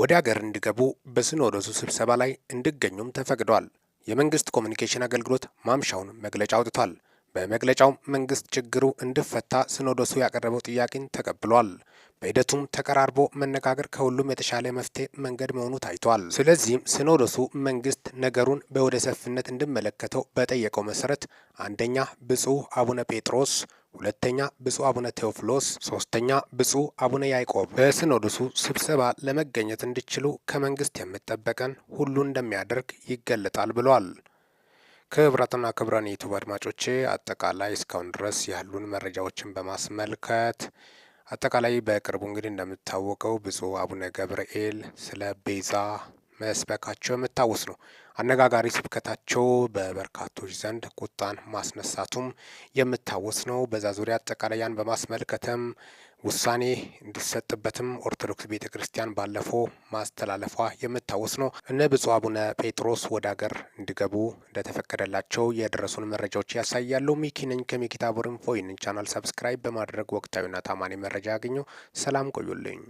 ወደ አገር እንዲገቡ በሲኖዶሱ ስብሰባ ላይ እንዲገኙም ተፈቅደዋል። የመንግስት ኮሚኒኬሽን አገልግሎት ማምሻውን መግለጫ አውጥቷል። በመግለጫው መንግስት ችግሩ እንዲፈታ ሲኖዶሱ ያቀረበው ጥያቄን ተቀብሏል። በሂደቱም ተቀራርቦ መነጋገር ከሁሉም የተሻለ መፍትሄ መንገድ መሆኑ ታይቷል። ስለዚህም ሲኖዶሱ መንግስት ነገሩን በወደ ሰፊነት እንዲመለከተው በጠየቀው መሰረት አንደኛ ብፁዕ አቡነ ጴጥሮስ ሁለተኛ ብፁዕ አቡነ ቴዎፍሎስ፣ ሶስተኛ ብፁዕ አቡነ ያዕቆብ በሲኖዶሱ ስብሰባ ለመገኘት እንዲችሉ ከመንግስት የምጠበቀን ሁሉ እንደሚያደርግ ይገለጣል ብለዋል። ክብረትና ክብረን የዩቱብ አድማጮቼ አጠቃላይ እስካሁን ድረስ ያሉን መረጃዎችን በማስመልከት አጠቃላይ በቅርቡ እንግዲህ እንደሚታወቀው ብፁዕ አቡነ ገብርኤል ስለ ቤዛ መስበካቸው የምታወስ ነው። አነጋጋሪ ስብከታቸው በበርካቶች ዘንድ ቁጣን ማስነሳቱም የምታወስ ነው። በዛ ዙሪያ አጠቃላይ በማስመልከተም ውሳኔ እንዲሰጥበትም ኦርቶዶክስ ቤተ ክርስቲያን ባለፈው ማስተላለፏ የምታወስ ነው። እነ ብፁዕ አቡነ ጴጥሮስ ወደ ሀገር እንዲገቡ እንደተፈቀደላቸው የደረሱን መረጃዎች ያሳያሉ። ሚኪ ነኝ ከሚኪታ ቦርንፎይንን ቻናል ሰብስክራይብ በማድረግ ወቅታዊና ታማኒ መረጃ ያገኘው። ሰላም ቆዩልኝ።